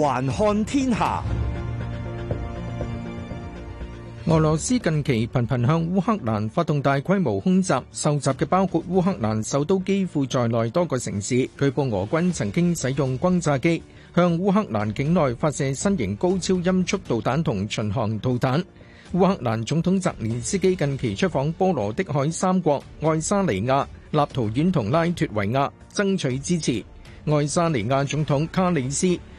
環看天下，俄羅斯近期頻頻向烏克蘭發動大規模空襲，受襲嘅包括烏克蘭首都基輔在內多個城市。據報俄軍曾經使用轟炸機向烏克蘭境內發射新型高超音速導彈同巡航導彈。烏克蘭總統澤連斯基近期出訪波羅的海三國——愛沙尼亞、立陶宛同拉脫維亞，爭取支持。愛沙尼亞總統卡里斯。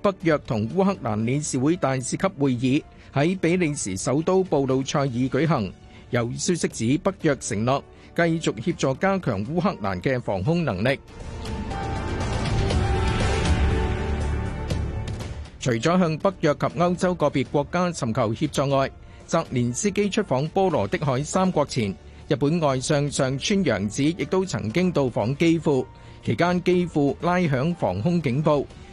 北約同烏克蘭理事會大使級會議喺比利時首都布魯塞爾舉行。有消息指北約承諾繼續協助加強烏克蘭嘅防空能力。除咗向北約及歐洲個別國家尋求協助外，澤連斯基出訪波羅的海三國前，日本外相上川陽子亦都曾經到訪基輔，期間基輔拉響防空警報。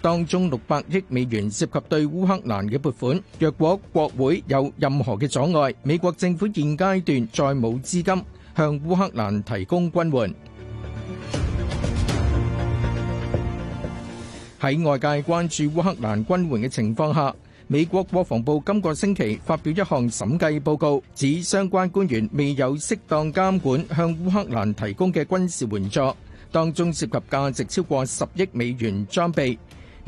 當中六百億美元涉及對烏克蘭嘅撥款，若果國會有任何嘅阻礙，美國政府現階段再冇資金向烏克蘭提供軍援。喺外界關注烏克蘭軍援嘅情況下，美國國防部今個星期發表一項審計報告，指相關官員未有適當監管向烏克蘭提供嘅軍事援助，當中涉及價值超過十億美元裝備。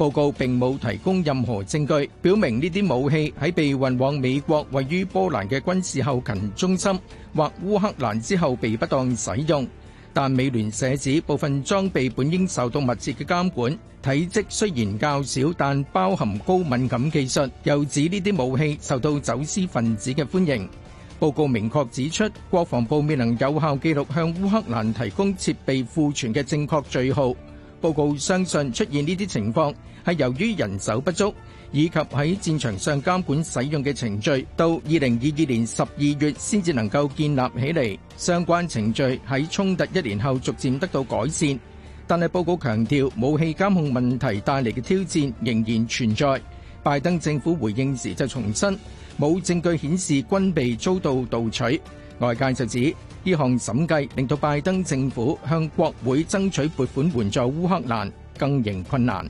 報告並冇提供任何證據，表明呢啲武器喺被運往美國位於波蘭嘅軍事後勤中心，或烏克蘭之後被不當使用。但美聯社指部分裝備本應受到密切嘅監管，體積雖然較少，但包含高敏感技術，又指呢啲武器受到走私分子嘅歡迎。報告明確指出，國防部未能有效記錄向烏克蘭提供設備庫存嘅正確序號。報告相信出現呢啲情況係由於人手不足，以及喺戰場上監管使用嘅程序，到二零二二年十二月先至能夠建立起嚟。相關程序喺衝突一年後逐漸得到改善，但係報告強調武器監控問題帶嚟嘅挑戰仍然存在。拜登政府回應時就重申，冇證據顯示軍備遭到盜取。外界就指呢項審計令到拜登政府向國會爭取撥款援助烏克蘭更形困難。